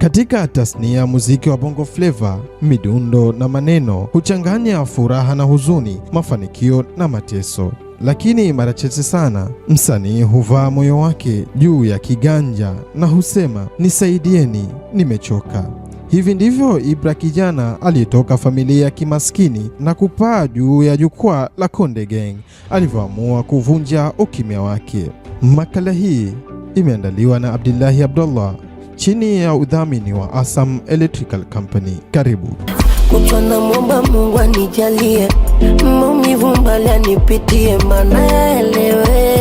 Katika tasnia ya muziki wa Bongo Flava, midundo na maneno huchanganya furaha na huzuni, mafanikio na mateso lakini mara chache sana msanii huvaa moyo wake juu ya kiganja na husema nisaidieni, nimechoka. Hivi ndivyo Ibra, kijana aliyetoka familia ya kimaskini na kupaa juu ya jukwaa la Konde Gang, alivyoamua kuvunja ukimya wake. Makala hii imeandaliwa na Abdullahi Abdullah chini ya udhamini wa Asam Electrical Company. Karibu. Kuchwa mwomba Mungu anijalie maumivu mbali anipitie, maana yaelewe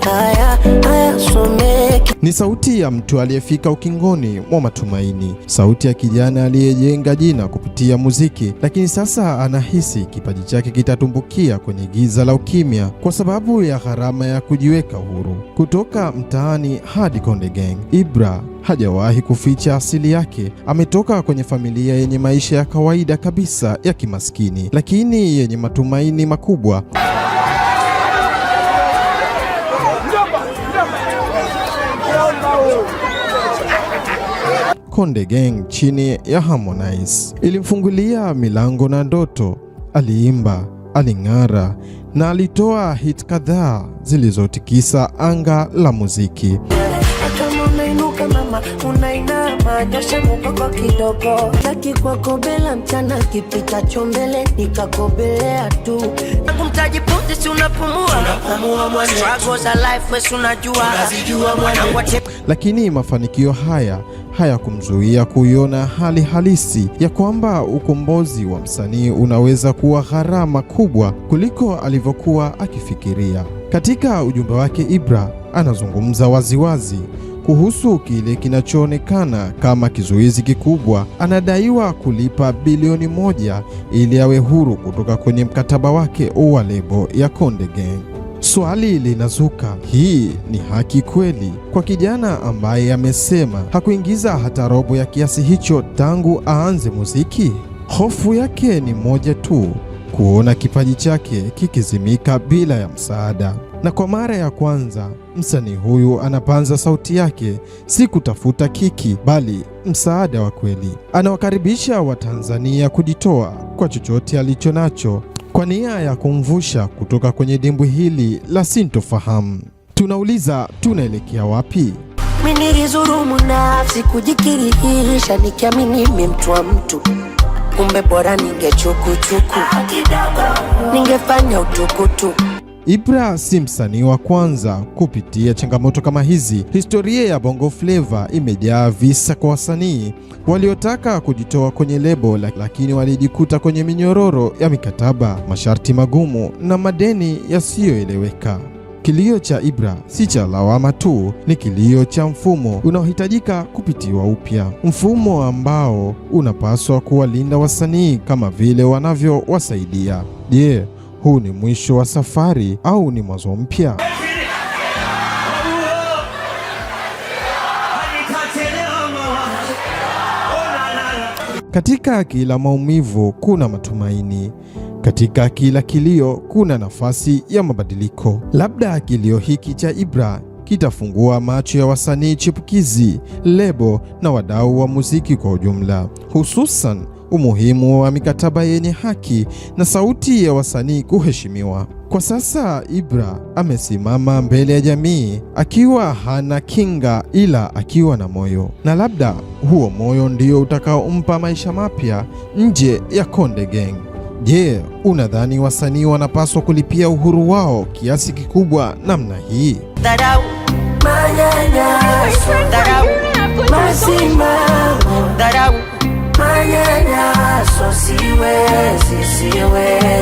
haya hayasomeki. Ni sauti ya mtu aliyefika ukingoni mwa matumaini, sauti ya kijana aliyejenga jina kupitia muziki, lakini sasa anahisi kipaji chake kitatumbukia kwenye giza la ukimya kwa sababu ya gharama ya kujiweka huru. Kutoka mtaani hadi Konde Gang, Ibra hajawahi kuficha asili yake. Ametoka kwenye familia yenye maisha ya kawaida kabisa ya kimaskini, lakini yenye matumaini makubwa. Konde Gang chini ya Harmonize. Ilimfungulia milango na ndoto, aliimba, aling'ara na alitoa hit kadhaa zilizotikisa anga la muziki yako mama, unainama nyosha mukoko kidogo, taki kwako bela mchana kipita chombele nikakobelea tu angu mtaji punzi, si unapumua struggle life, wewe unajua, lakini mafanikio haya hayakumzuia kuiona hali halisi ya kwamba ukombozi wa msanii unaweza kuwa gharama kubwa kuliko alivyokuwa akifikiria. Katika ujumbe wake Ibra anazungumza waziwazi wazi kuhusu kile kinachoonekana kama kizuizi kikubwa. Anadaiwa kulipa bilioni moja ili awe huru kutoka kwenye mkataba wake wa lebo ya Konde Gang. Swali linazuka, hii ni haki kweli kwa kijana ambaye amesema hakuingiza hata robo ya kiasi hicho tangu aanze muziki? Hofu yake ni moja tu, kuona kipaji chake kikizimika bila ya msaada na kwa mara ya kwanza msanii huyu anapanza sauti yake, si kutafuta kiki, bali msaada wa kweli. Anawakaribisha Watanzania kujitoa kwa chochote alicho nacho kwa nia ya kumvusha kutoka kwenye dimbwi hili la sintofahamu. Tunauliza, tunaelekea wapi? Mimi nafsi kujikirihisha, nikiamini mimi mtu wa mtu, kumbe bora ningechukuchuku, ningefanya utukutu Ibra si msanii wa kwanza kupitia changamoto kama hizi. Historia ya Bongo Flava imejaa visa kwa wasanii waliotaka kujitoa kwenye lebo, lakini walijikuta kwenye minyororo ya mikataba, masharti magumu na madeni yasiyoeleweka. Kilio cha Ibra si cha lawama tu, ni kilio cha mfumo unaohitajika kupitiwa upya, mfumo ambao unapaswa kuwalinda wasanii kama vile wanavyowasaidia. Je, yeah huu ni mwisho wa safari au ni mwanzo mpya? Katika kila maumivu kuna matumaini. Katika kila kilio kuna nafasi ya mabadiliko. Labda kilio hiki cha Ibra kitafungua macho ya wasanii chipukizi, lebo na wadau wa muziki kwa ujumla, hususan umuhimu wa mikataba yenye haki na sauti ya wasanii kuheshimiwa. Kwa sasa Ibra amesimama mbele ya jamii akiwa hana kinga ila akiwa na moyo, na labda huo moyo ndio utakaompa maisha mapya nje ya Konde Gang. Je, unadhani wasanii wanapaswa kulipia uhuru wao kiasi kikubwa namna hii? Dharau, manyanyaso, dharau, mazima see you as, see you as.